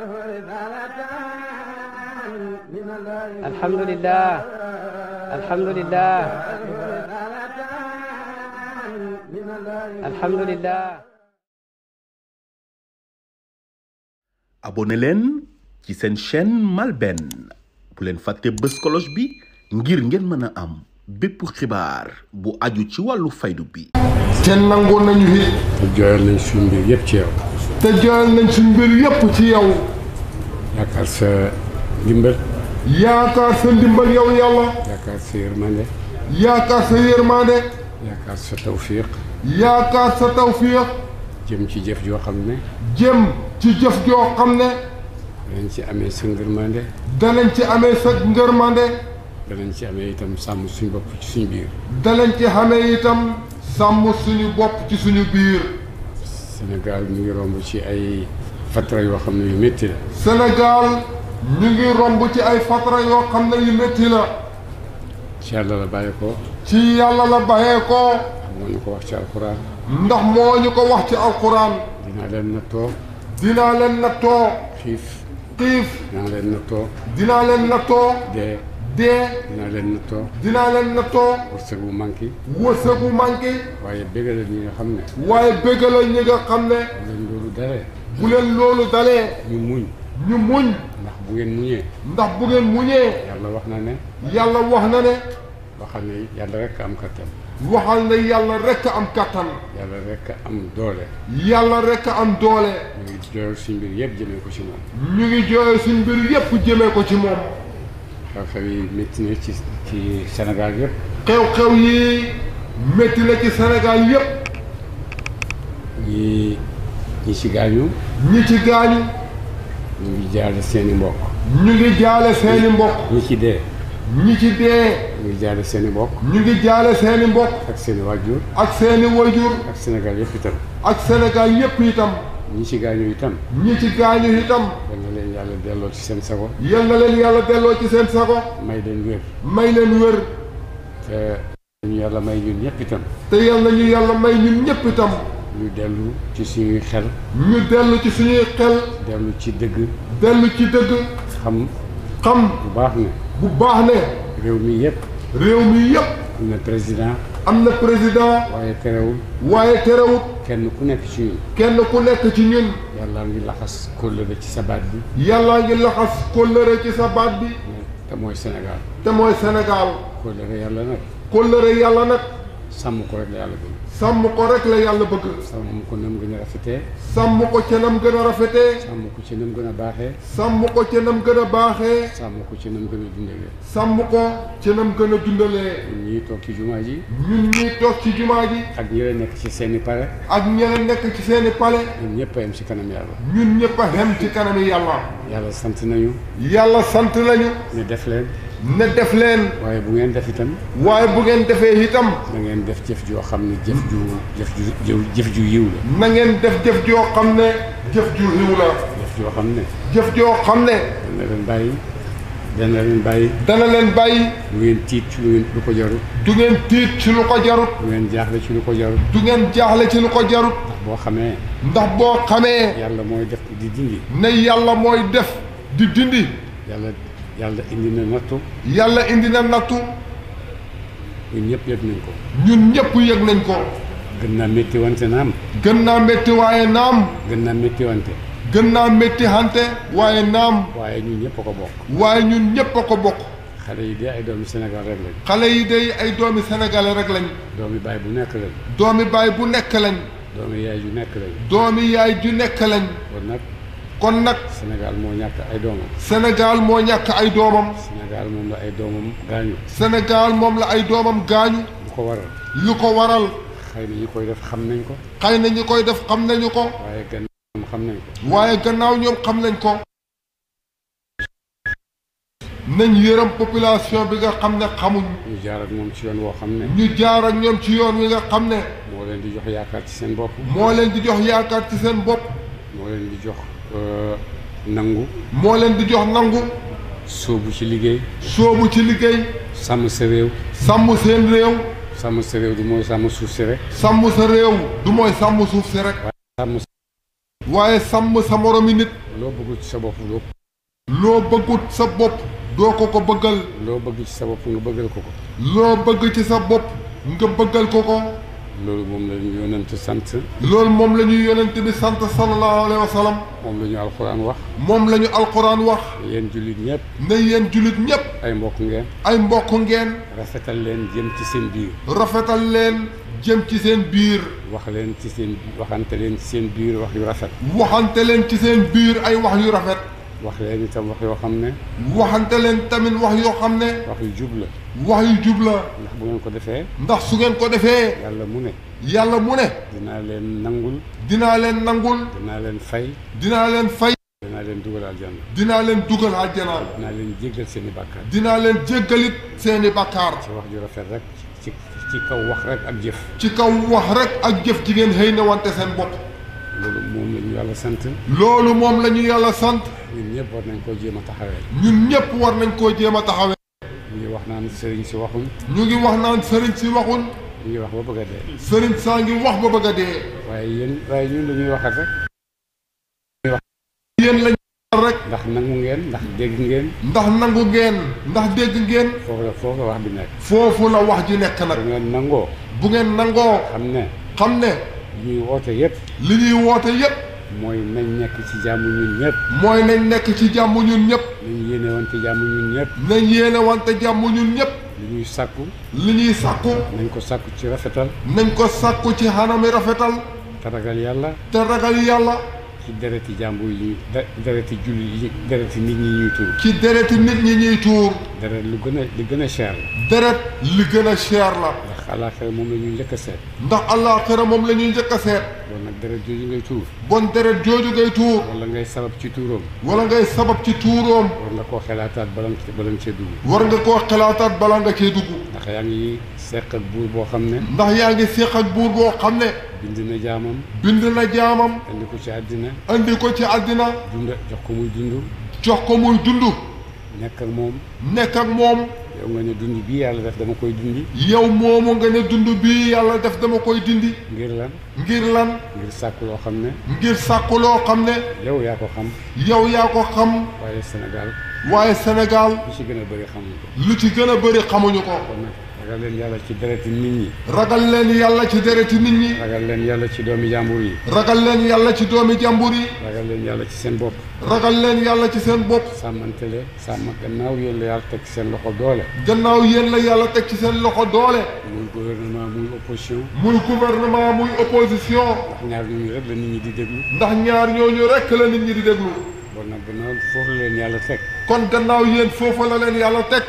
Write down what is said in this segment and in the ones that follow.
alhamdulilah alhamdulilah alhamdulilah. abonné leen ci seen chen MALBN bu leen fàtte bës cloche bi ngir ngeen mën a am bépp xibaar bu aju ci wàllu faydu bi. te nangoon nañu it. te jooyal nañ suñu mbir ci yow. ci yow. yaakaar sa ndimbal. yaakaar sa ndimbal yow yàlla. yaakaar sa yërmande. yaakaar sa yërmande. yaakaar sa tawfiq. yaakaar sa jëm ci jëf joo xam ne. jëm ci jëf joo xam ne. danañ ci amee sa ngërmande. danañ ci amee sa ngërmande. danañ ci amee itam sàmm suñu bopp ci suñu biir. danañ ci amee itam sàmm suñu bopp ci suñu biir. senegal mi romb ci ay. fatara yoo xam ne yu métti la. Sénégal ñu ngi romb ci ay fatara yoo xam ne yu métti la. ci yàlla la bàyyee ko. ci yàlla la bàyyee ko. moo ñu ko wax ci alquran. ndax moo ñu ko wax ci alquran. dinaa leen nattoo. dinaa leen nattoo. xiif. xiif. dinaa leen nattoo. dinaa leen nattoo. dee. dee. dinaa leen nattoo. dinaa leen nattoo. wërsëg bu manqué. wërsëg bu manqué. waaye bégalal ñi nga xam ne. waaye bégalal ñi nga xam ne. leen loolu daree. bu leen loolu dalee. ñu muñ. ñu muñ. ndax bu ngeen muñee. ndax bu ngeen muñee. yàlla wax na ne. yàlla wax na ne. waxal ne yàlla rek am kattan. waxal na yàlla rek am kattan. yàlla rek am doole. yàlla rek am doole. ñu ngi jooyal suñ mbir yëpp jëmee ko ci moom. ñu ngi jooyal suñ mbir yëpp jëmee ko ci moom. xew-xew yi métti na ci ci Sénégal yëpp. xew-xew yi métti na ci Sénégal yëpp. ñii. ñi ci gaañu. ñi ci gaañu. ñu ngi jaale seeni mbokk. ñu ngi jaale seeni mbokk. ñi ci dee. ñi ci dee. ñu ngi jaale seeni mbokk. ñu ngi jaale seeni mbokk. ak seeni waajur. ak seeni waajur. ak Sénégal yëpp itam. ak Sénégal yëpp itam. ñi ci gaañu itam. ñi ci gaañu itam. yal na leen yàlla delloo ci seen sago. yal na leen yàlla delloo ci seen sago. may leen wér. may leen wér. te. ñu yàlla may ñun ñëpp itam. te yal na ñu yàlla may ñun ñëpp itam. ñu dellu ci suñuy xel. ñu dellu ci suñuy xel. dellu ci dëgg. dellu ci dëgg. xam. xam bu baax ne. bu baax ne. réew mi yëpp. réew mi yëpp. am na président. am na président. waaye terewul. waaye terewul. kenn ku nekk ci ñun. kenn ku nekk ci ñun. yàllaa ngi laxas kóllëre ci sa baat bi. yàlla ngi laxas kóllëre ci sa baat bi. te mooy Sénégal. te mooy Sénégal. kóllëre yàlla nag. kóllëre yàlla nag. sàmm ko rek la yàlla sàmm ko rek la yàlla bëgg. sàmm ko nam gën a rafetee. sàmm ko ca nam gën a rafetee. sàmm ko ca nam gën a baaxee. sàmm ko ca nam gën a baaxee. sàmm ko ca nam gën a dundalee. sàmm ko ca nam gën a dundalee. ñun ñii toog ci jumaa ji. ñun ñii toog ci jumaa ji. ak ñi nekk ci seen i pale. ak ñi nekk ci seen i pale. ñun ñëpp a yem ci kanam yàlla. ñun ñëpp a yem ci kanam yàlla. yàlla sant nañu. yàlla sant nañu. ñu def leen. ne def leen. waaye bu ngeen def itam. waaye bu ngeen defee itam. na ngeen def jëf joo xam ne jëf ju jëf ju jëf ju yiw la. def jëf joo xam ne jëf ju yiw joo xam ne. jëf joo xam ne. dana leen bàyyi dana leen bàyyi. dana leen bàyyi. du ngeen tiit lu ko jarut. du ngeen tiit ci lu ko jarut. du ngeen jaaxle ci lu ko jarut. du ngeen jaaxle ci ko jarut. ndax boo xamee. ndax boo xamee. yàlla mooy def di dindi. ne yàlla mooy def di dindi. yàlla. yàlla indi na nattu. yàlla indi na nattu. ñun ñëpp yëg nañ ko. ñun ñëpp yëg nañ ko. gën naa métti wante naam. gën naa métti waaye naam. gën naa métti wante. gën naa métti hante waaye naam. waaye ñun ñëpp a ko bokk. waaye ñun ñëpp a ko bokk. xale yi de ay doomi Sénégal rek lañ. xale yi de ay doomi Sénégal rek lañ. doomi baay bu nekk lañ. doomi baay bu nekk lañ. doomi yaay ju nekk lañ. doomi yaay ju nekk lañ. kon nag. kon nag. Sénégal moo ñàkk ay doomam. Sénégal moo ñàkk ay doomam. Sénégal moom la ay doomam gaañu. Sénégal moom la ay doomam gaañu. ñu ko waral. lu ko waral. xëy na ñi koy def xam nañ ko. xëy na ñu koy def xam nañu ko. waaye gannaaw ñoom xam nañ ko. waaye gannaaw ñoom xam nañ ko. nañ yërëm population bi nga xam ne xamuñ. ñu jaar ak ñoom ci yoon woo xam ne. ñu jaar ak ñoom ci yoon wi nga xam ne. moo leen di jox yaakaar ci seen bopp. moo leen di jox yaakaar ci seen bopp. moo leen di jox. Euh, nangu. moo leen di jox nangu. sóobu ci liggéey. soobu ci liggéey. sàmm sa réew. sàmm seen réew. sàmm sa réew du mooy sàmm suuf si rek. sàmm sa réew du mooy sàmm suuf si rek. waaye sàmm sa moromi nit. loo bëggut sa bopp doo. sa bopp doo ko ko bëggal. loo bëgg ci sa bopp nga bëggal ko ko. loo bëgg ci sa bopp nga bëggal ko ko. loolu moom la ñu yonent sant. loolu moom la ñuy yonent bi sant sallallahu alayhi wa moom la ñu alquran wax. moom la ñu alquran wax. yéen jullit ñëpp. ne yéen jullit ñëpp. ay mbokk ngeen. ay mbokk ngeen. rafetal leen jëm ci seen biir. rafetal leen jëm ci seen biir. wax leen ci seen waxante leen ci seen biir wax yu rafet. waxante leen ci seen biir ay wax yu rafet. wax leen itam wax yoo xam ne. waxante leen tamit wax yoo xam ne. wax yu jub la. wax yu jub la. ndax bu ngeen ko defee. ndax su ngeen ko defee. yàlla mu ne. yàlla mu ne. dinaa leen nangul. dinaa leen nangul. dinaa leen fay. dinaa leen fay. dinaa leen dugal aljana. dinaa leen dugal aljana. dinaa leen jéggal seen i bàkkaar. dinaa leen jéggalit seen i bàkkaar. ci wax ju rafet rek ci ci kaw wax rek ak jëf. ci kaw wax rek ak jëf jigéen xëy na wante seen bopp. moom la ñu yàlla sant. loolu moom la ñu yàlla sant. ñun ñëpp war nañ koo jéem a taxawee. ñun ñëpp war nañ koo jéem a taxawee. ñu ngi wax naan sëriñ si waxuñ. ñu ngi wax naan sëriñ si waxuñ. ñu ngi wax ba bëgg a dee. sëriñ saa ngi wax ba bëgg a dee. waaye yéen waaye ñun dañuy waxat rek. ñuy wax yéen lañ rek. ndax nangu ngeen ndax dégg ngeen. ndax nangu ngeen. ndax dégg ngeen. foofu la foofu la wax bi nekk. foofu la wax ji nekk nag. bu ngeen nangoo. bu ngeen nangoo. xam ne. xam ne. ñuy woote yëpp. li ñuy woote yëpp. mooy nañ nekk ci jàmm ñun ñëpp. mooy nañ nekk ci jàmm ñun ñëpp. nañ yéene wante jàmm ñun ñëpp. nañ yéene wante jàmm ñun ñëpp. li ñuy sàkku. li ñuy sàkku. nañ ko sàkku ci rafetal. nañ ko sàkku ci xanami rafetal. te yàlla. te yàlla. ci dereti jàmbur yi dereti julli yi dereti nit ñi ñuy tuur ci dereti nit ñi ñuy tuur deret lu gën a li gën a cher la deret li gën a cher la ndax àllaaxira moom la ñuy njëkk a seet ndax àllaaxira moom la ñuy njëkk a seet bon nag deret jooju ngay tuur bon deret jooju ngay tuur wala ngay sabab ci tuuróom wala ngay sabab ci tuuróom war nga koo xelaataat bala nga cee dugg war nga koo xelaataat bala nga cee dugg ndax yaa ngi seq ak buur boo xam ne ndax bind na jaamam. bind na jaamam. andi ko ci àddina. andi ko ci àddina. dunda jox ko muy dund. jox ko muy dund. nekk ak moom. nekk ak moom. yow nga ne dund bii yàlla def dama koy dindi. yow moomu nga ne dund bii yàlla def dama koy dindi. ngir lan. ngir lan. ngir sàkk loo xam ne. ngir sàkk loo xam ne. yow yaa ko xam. yow yaa ko xam. waaye Sénégal. waaye Sénégal. lu ci gën a bëri xamuñu ko. lu ci gën a bëri xamuñu ko. ragal leen yàlla ci dereti nit ñi ragal leen yàlla ci dereti nit ñi ragal leen yàlla ci doomi jàmbur yi ragal leen yàlla ci doomi jàmbur seen bopp ragal leen yàlla ci seen bopp sàmmantele sàmm gannaaw yéen la yàlla teg ci seen loxo doole gannaaw yéen la yàlla teg ci seen loxo doole muy gouvernement muy opposition muy gouvernement muy opposition ndax ñaar ñooñu rek la nit ñi di déglu ndax ñaar ñooñu rek la nit ñi di déglu bon nag gannaaw foofu la leen yàlla teg kon gannaaw yéen foofu la leen yàlla teg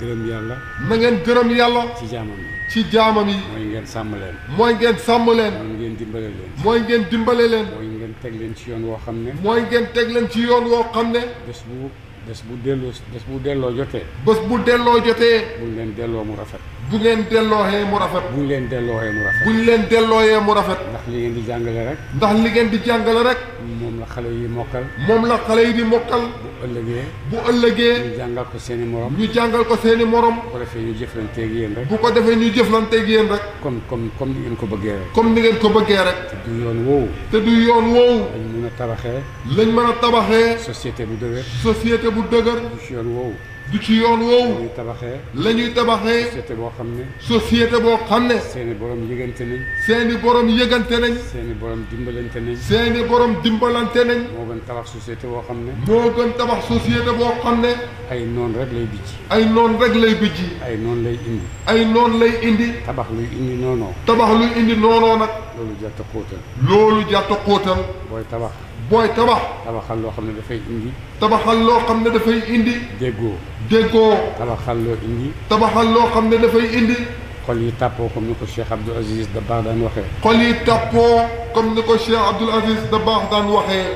gërëm yàlla. na ngeen gërëm yàlla. ci jaamam yi. ci jaamam yi. mooy ngeen sàmm leen. mooy ngeen sàmm leen. mooy ngeen dimbale leen. mooy ngeen dimbale leen. mooy ngeen teg leen ci yoon woo xam ne. mooy ngeen teg leen ci yoon woo xam ne. bés bu bés bu delloo bés bu delloo jotee. bés bu delloo jotee. buñ leen delloo mu rafet. bu ngeen delloohee mu rafet. buñ leen delloohee mu rafet. buñ leen delloohee mu rafet. ndax li ngeen di jàngale rek. ndax li ngeen di jàngale rek. moom la xale yi mokkal. moom la xale yi di mokkal. ëllëgee. bu ëllëgee. ñu jàngal ko seeni morom. ñu jàngal ko seeni morom. bu ko defee ñu jëflanteeg yéen rek. bu ko defee ñu jëflanteeg yéen rek. comme comme comme ni ngeen ko bëggee comme ni ngeen ko bëggee rek. te du yoon woowu. te du yoon woowu. lañ mën a tabaxee. lañ mën a tabaxee. société bu dëgër. société bu dëgër. du ci yoon woowu. du ci yoon woowu. la ñuy tabaxee. la ñuy tabaxee. société boo xam ne. société boo xam ne. seen i borom yëgante nañ. seen i borom yëgante nañ. seen i borom dimbalante nañ. seen i borom dimbalante nañ. moo gën tabax société boo xam ne. moo gën tabax société boo xam ne. ay noon rek lay bijji. ay noon rek lay bijji. ay noon lay indi. ay noon lay indi. tabax luy indi noonoo. tabax luy indi noonoo nag. loolu jàtt xóotal. loolu jàtt xóotal. booy tabax. booy tabax. tabaxal loo xam ne dafay indi. tabaxal loo xam ne dafay indi. déggoo. déggoo. tabaxal loo indi. tabaxal loo xam ne dafay indi. xol yi tàppoo comme ni ko Cheikh Abdoul Aziz Dabakh daan waxee. xol yi tàppoo comme ni ko Cheikh Abdoul Aziz Dabakh daan waxee.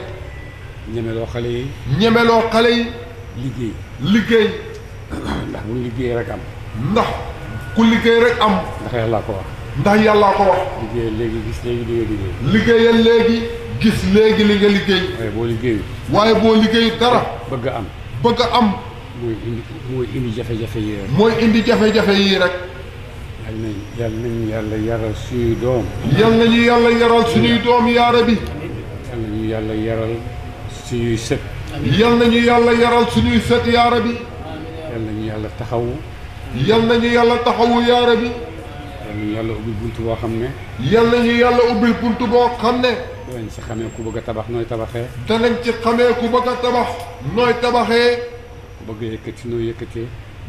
ñemeloo xale yi. ñemeloo xale yi. liggéey. liggéey. ndax bu liggéey rek am. ndax ku liggéey rek am. ndax yàlla ko wax. ndax yàllaa ko wax. liggéeyal léegi gis léegi li nga liggéey. léegi gis léegi li nga liggéey. waaye boo liggéeyul. waaye boo liggéey dara. bëgg am bëgg am. mooy indi mooy indi jafe-jafe yi rek. mooy indi jafe-jafe yii rek. yal nañu yàlla yaral suñuy doom. yal nañu yàlla yaral suñuy doom yara bi. yal nañu yàlla yaral suñuy sët. nañu yàlla yaral suñuy sët yaara bi. yal nañu yàlla taxawu. yàlla taxawu yaara bi. ñu yàlla ubbil buntu boo xam ne. yàlla ñu yàlla ubbil buntu boo xam ne. danañ ci xamee ku bëgg a tabax nooy tabaxee. danañ ci xamee ku bëgg a tabax. nooy tabaxee. ku bëgg a yëkkati nooy yëkkatee.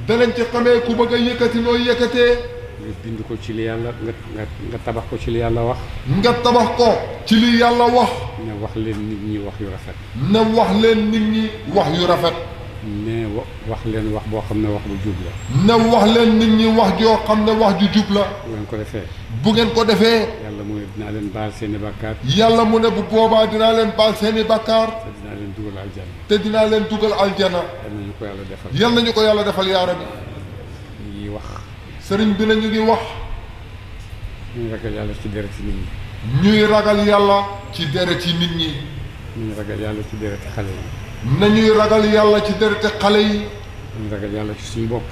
danañ ci xamee ku bëgg yëkkatee. nga bind ko ci li yàlla nga nga nga tabax ko ci li yàlla wax. nga tabax ko ci li yàlla wax. na wax leen nit ñi wax yu rafet. na wax leen nit ñi wax yu rafet. ne wax leen wax boo xam ne wax bu jub la. ne wax leen nit ñi wax joo xam ne wax ju jub la. bu ngeen ko defee. bu ngeen ko defee. yàlla mu ne dinaa leen baal seen i bàkkaar. yàlla mu ne bu boobaa dinaa leen baal seen i bàkkaar. te dinaa leen dugal aljana. te dinaa leen dugal aljana. yal nañu ko yàlla defal. yal nañu ko yàlla defal yaa rabbi. ñu ngi wax. sëriñ bi na di ngi wax. ñuy ragal yàlla ci deret ci nit ñi. ñuy ragal yàlla ci deret ci nit yàlla ci xale yi. na ñuy ragal yàlla ci dérete xale yi nañu ragal yàlla ci suñu bopp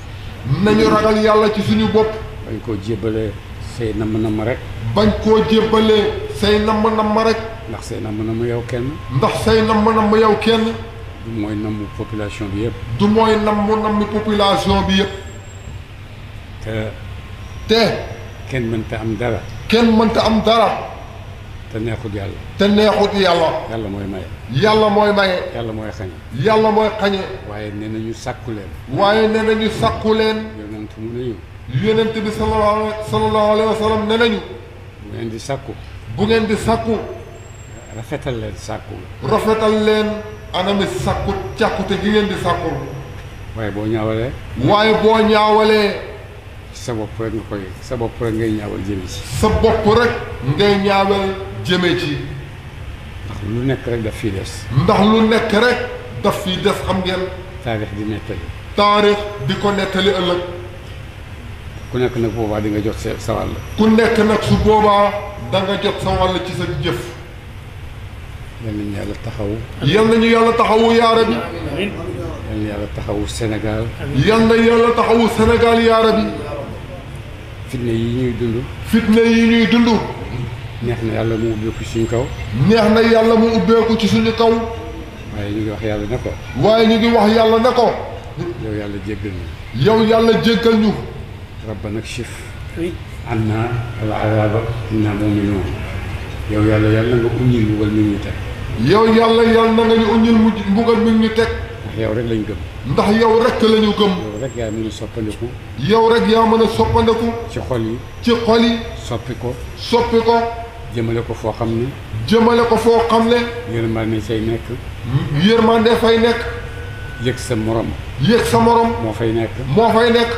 nañu ragal yàlla ci suñu bopp bañ koo jébbalee say namm namm rek bañ koo jébbalee say namm namm rek ndax say namm namm yow kenn ndax say namm yow kenn du mooy namm population bi yëpp du mooy namm namm population bi yëpp te te kenn mënta am dara kenn mën mënta am dara te neexut yàlla. te neexut yàlla. yàlla mooy maye. yàlla mooy maye. yàlla mooy xañe. yàlla mooy xañe. waaye ne nañu ñu sàkku leen. waaye ne na ñu sàkku leen. yonent mu ne ñu. yonent bi sallallahu alayhi wa sallam nee nañu. bu ngeen di ngeen di sàkku. rafetal leen sàkku. rafetal leen anami sàkku càkkute gi ngeen di sàkku. waaye boo ñaawalee. waaye boo ñaawalee. sa bopp rek nga koy sa bopp rek ngay ñaawal jëme si. sa bopp rek ngay ñaawal. jëmee ci. ndax lu nekk rek daf fiy des. ndax lu nekk rek daf fiy des xam ngeen. taarix di nettali. taarix di ko nettali ëllëg. ku nekk nag boobaa di nga jot sa sa wàll. ku nekk nag su boobaa da nga jot sa wàll ci sa jëf. yal nañu yàlla taxawu. yal nañu yàlla taxawu yaara bi. amiin yal na yàlla taxawu Sénégal. yal na yàlla taxawu Sénégal yaara bi. fitna yi ñuy dund. fitna yi ñuy dund. neex na yàlla mu ubbeeku ci suñu kaw. neex na yàlla mu ubbeeku ci suñu kaw. waaye ñu ngi wax yàlla ne ko. waaye ñu ngi wax yàlla ne ko. yow yàlla jéggal ñu. yow yàlla jéggal ñu. rabbana kshif anna al-azaaba inna mu'minuun yow yàlla yàlla nga uññil mbugal mi ñu teg. yow yàlla yàlla na nga ñu uññil mbugal mi ñu teg. ndax yow rek lañ gëm. ndax yow rek lañu ñu gëm. yow rek yaa mën soppandiku soppandeku. yow rek yaa mën a soppandeku. ci xol yi. ci xol yi. soppi ko. soppi jëmale ko foo xam ne. jëmale ko foo xam ne. yërmande say nekk. de fay nekk. yëg sa morom. yëg sa morom. moo fay nekk. moo fay nekk.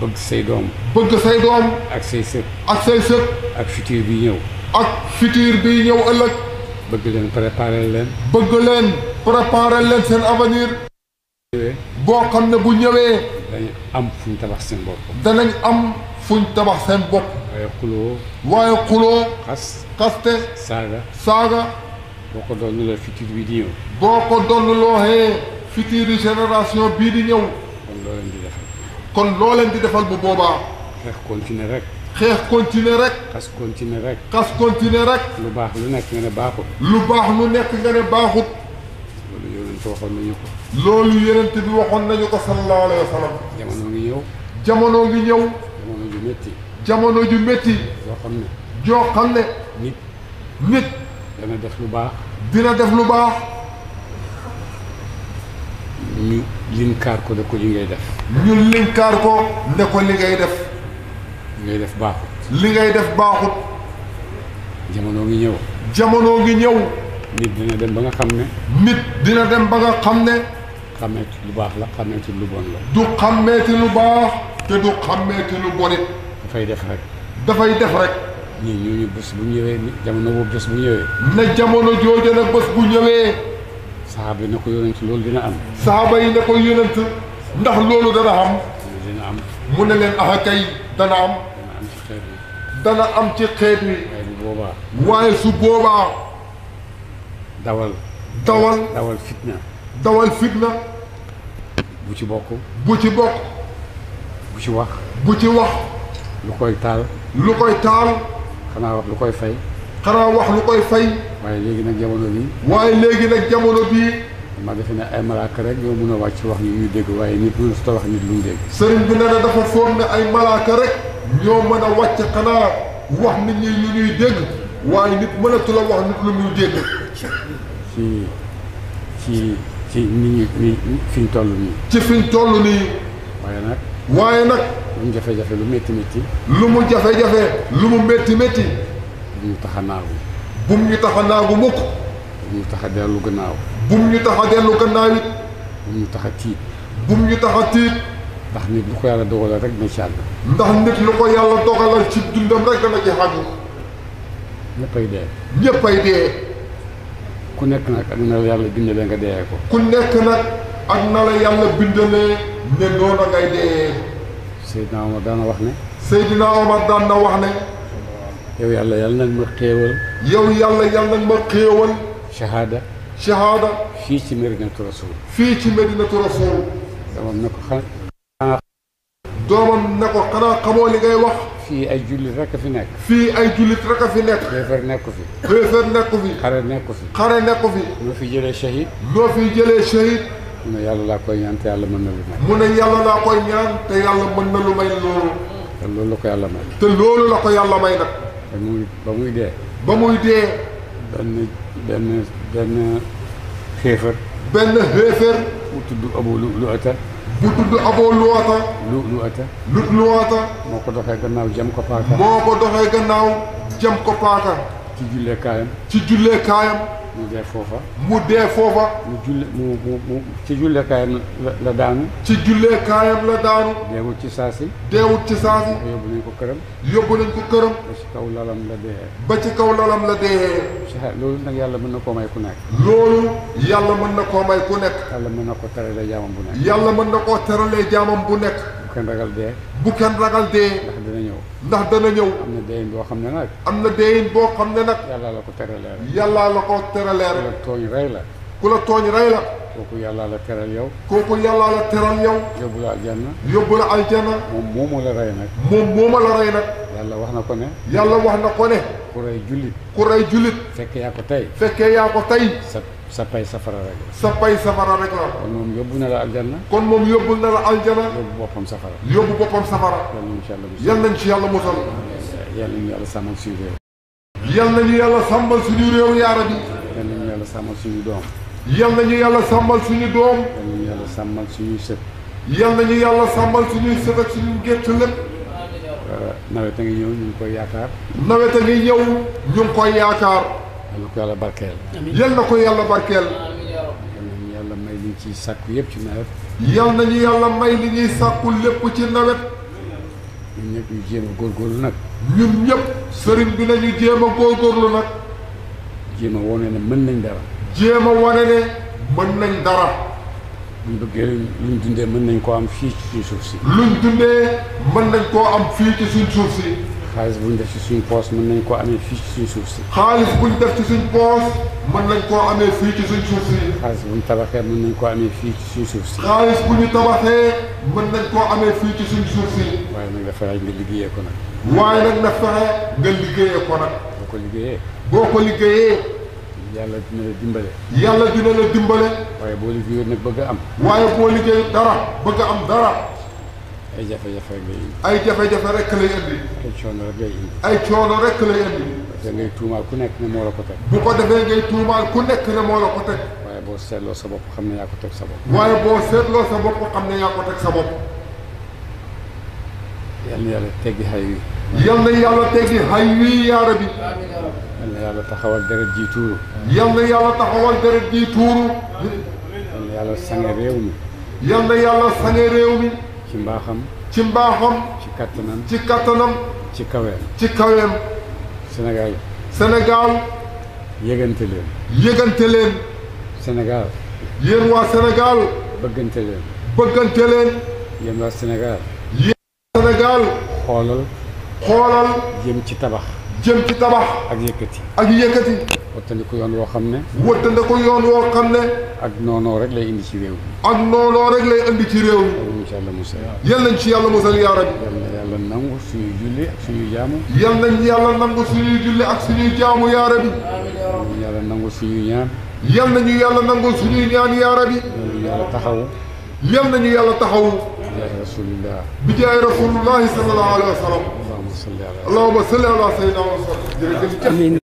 bëgg say doom. bëgg say doom. ak say sët. ak say sët. ak futur bi ñëw. ak futur bi ñëw ëllëg. bëgg leen préparer leen. bëgg leen préparer leen seen avenir. boo xam ne bu ñëwee. dañ am fuñ tabax seen bopp. danañ am fuñ tabax seen bopp. waaye xuloo. waaye xuloo. xas. xaste. saaga. saaga. boo ko doon loo futur bi di ñëw. boo ko doon loo xee. futur génération bii di ñëw. kon loo leen di defal. kon loo leen di defal bu boobaa. xeex continuer rek. xeex continuer rek. xas continuer rek. xas continuer rek. lu baax lu nekk nga ne baaxut. lu baax lu nekk nga ne baaxut. loolu yonent waxoon nañu ko. loolu yonent bi waxoon nañu ko sallallahu alayhi wa sallam. ngi ñëw. jamono ngi ñëw. jamono ju metti joo xam ne. joo xam ne. nit. nit. dana def lu baax. dina def lu baax. ñu linkaar ko ne ko li ngay def. ñu linkaar ko ne ko li ngay def. li ngay def baaxut. li ngay def baaxut. jamono ngi ñëw. jamono ngi ñëw. nit dina dem ba nga xam ne. nit dina dem ba nga xam ne. xàmmeeti lu baax la xàmmeeti lu bon la. du xàmmeeti lu baax te du xàmmeeti lu bonit dafay def rek. dafay def rek. ñii ñooñu bés bu ñëwee jamono boobu bés bu ñëwee. na jamono jooja nag bés bu ñëwee. saxaaba yi na ko yónent loolu dina am. saxaaba yi na ko yónent ndax loolu dana am. am. mu ne leen axa kay dana am. dana am ci xeet wi. waaye bu boobaa. waaye su boobaa. dawal. dawal dawal fitna. dawal fitna. bu ci bokk. bu ci bokk. bu ci wax. bu ci wax. lu koy taal. lu koy taal. xanaa wax lu koy fay. xanaa wax lu koy fay. waaye léegi nag jamono bii. waaye léegi nag jamono bii. ma defe ne ay malaaka rek ñoo mun a wàcc wax ñu ñuy dégg waaye nit sëriñ bi na dafa foog ay malaaka rek. ñoo mën a wàcc xanaa wax nit ñi lu ñuy dégg. waaye nit mënatu la wax nit lu muy dégg. ci ci ci nit ñi fi ñu toll nii. ci fi ñu nii. waaye nag. waaye nag. lu mu jafe-jafe lu métti métti. lu mu jafe-jafe lu mu metti métti. bu mu tax a naagu. bu mu ñu tax a naagu mukk. bu mu tax a dellu gannaaw. bu mu ñu tax a dellu gannaaw it. bu mu ñu tax a tiit. ndax nit lu ko yàlla dogalal rek dina ci àgg. ndax yàlla dogalal ci dundam rek dana ci àgg. ñëppay dee. ñëppay dee. ku nekk nag ak na la yàlla bindalee nga dee ko. ku nekk nag ak na la yàlla bindalee ne noonu ngay dee. Seydina Omar daan na wax ne. Seydina Omar daan na wax ne. yow yàlla yàlla nag ma xéewal. yow yàlla yàlla nag ma xéewal. shahada. shahada. fii ci Madinatu Rasul. fii ci Madinatu Rasul. doomam na ko xanaa. doomam na ko xanaa xamoo li ngay wax. fii ay jullit rek a fi nekk. fii ay jullit rek a fi nekk. xeefar nekku fi. xeefar nekku fi. xare nekku fi. xare nekku fi. noo fi jëlee shahid. noo fi jëlee shahid. mu ne yàlla laa koy ñaan te yàlla mën na lu may. mu ne yàlla yàlla mën na loolu. te loolu la ko yàlla may. te loolu la ko yàlla may nag. ba muy ba muy dee. ba muy dee. benn benn benn xéefar. benn xéefar. bu tudd Abu Lu'lu'ata. bu tudd Abu Lu'lu'ata. Lu'lu'ata. Lu'lu'ata. moo ko doxee gannaaw jëm ko paaka. moo ko doxee gannaaw jëm ko paaka. ci jullee ci jullee kaayam mu dee foofa mu dee foofa mu julle mu mu mu ci jullee kaayam la daanu ci jullee kaayam la daanu deewut ci saasi deewut ci saasi yóbbu nañ ko këram yóbbu nañ ko këram ba ci kaw lalam la deexee ba ci kaw lalam la deexee loolu nag yàlla mën na koo may ku nekk loolu yàlla mën na koo may ku nekk yàlla mën na ko teralee jaamam bu nekk yàlla mën na koo teralee jaamam bu nekk bu kenn ragal dee. bu kenn ragal dee. ndax dana ñëw. ndax dana ñëw. am na deyin boo xam ne nag. am na deyin boo xam ne nag. yàllaa la ko teraleer. yàlla la ko teraleer. ku la tooñ rey la. ku la tooñ rey la. kooku yàllaa la teral yow. kooku yàllaa yow. yóbbu la aljanna. yóbbu la aljanna. moom moomu la rey nag. moom moomu la rey nag. yàlla wax na ko ne. yàlla wax na ko ne. ku rey jullit. ku rey jullit. fekkee yaa ko tey. fekkee yaa ko tey. sa pay safara rek la. sa safara rek la. kon moom yóbbu na la kon moom yóbbu na la aljanna. yóbbu boppam safara. yóbbu boppam safara. yal nañ ci yàlla musal nañ ci yàlla musal. yal nañu yàlla sàmmal suñu réew. yal nañu yàlla sàmmal suñu réew yaara bi. yal nañu yàlla sàmmal suñu doom. yal nañu yàlla sàmmal suñu doom. yal nañu yàlla sàmmal suñuy sët. yal nañu yàlla sàmmal suñu sët ak suñu gétt lépp. Euh, nawet a ngi ñëw ñu ngi koy yaakaar. nawet a ngi ñëw ñu ngi koy yaakaar. na ko yàlla barkeel. yal na ko yàlla barkeel. na ñu yàlla may li ñu sàkku yëpp ci nawet. yal na ñu yàlla may li ñuy sàkku lépp ci nawet. ñun ñëpp ñu jéem a góorgóorlu nag. ñun ñëpp sëriñ bi nañu jéem a góorgóorlu nag. jéem a wane ne mën nañ dara. jéem wone wane ne mën nañ dara. buñ bëggee luñ dundee mën nañ koo am fii ci suñ suuf si. luñ dundee mën nañ koo am fii ci suñ suuf si. xaalis bu ñu def ci suñu poos mën nañ koo amee fii ci suñ suuf si xaalis bu ñu def ci suñ poos mën nañ koo amee fii ci suñ suuf si xaalis bu ñu tabaxee mën nañ koo amee fii ci suñ suuf si xaalis bu ñu tabaxee mën nañ koo amee fii ci suñ suuf si waaye nag dafa laaj nga liggéeyee ko nag waaye nag na fexe nga liggéeyee ko nag boo ko liggéeyee boo ko liggéeyee yàlla dina la dimbale yàlla dina la dimbale waaye boo liggéeyee nag bëgg a am waaye boo liggéey dara bëgg a am dara ay jafe-jafe rek lay indi. ay jafe-jafe rek lay indi. ay coono rek lay indi. ay coono rek lay indi. parce que ngay tuumaal ku nekk ne moo la ko teg. bu ko defee ngay tuumaal ku nekk ne moo la ko teg. waaye boo seetloo sa bopp xam ne yaa ko teg sa bopp. waaye boo seetloo sa bopp xam ne yaa ko teg sa bopp. yal na yàlla teggi xay wi. yal na yàlla teggi xay wi yaara bi. yal na yàlla taxawal deret ji tuuru. yal na yàlla taxawal deret ji tuuru. yal na yàlla sange réew mi. yal na yàlla sange réew mi. ci mbaaxam ci mbaaxam ci kattanam ci ci kaweem ci kaweem Sénégal Sénégal yëgante leen yëgante leen Sénégal yéen waa Sénégal bëggante leen bëggante leen yéen waa Sénégal yéen waa Sénégal xoolal xoolal ci tabax jëm ci tabax ak yëkkati ak yëkkati wattandiku yoon woo xam ne. wattandiku yoon woo xam ne. ak noonoo rek lay indi ci réew mi. ak noonoo rek lay indi ci réew mi. yal nañ ci yàlla musal yaa rabbi. yal na yàlla nangu suñuy julli ak suñuy jaamu. yal nañ yàlla nangu suñuy julli ak suñuy jaamu yaa rabbi. yal nañ yàlla nangu suñuy ñaan. yal nañu yàlla nangu suñuy ñaan yaa rabbi. yal nañu yàlla taxawu. yal nañu yàlla taxawu. bijaaye rasulillah. bijaaye rasulillah sallallahu alayhi wa sallam. allahumma salli ala sayyidina wa sallam. jërëjëf.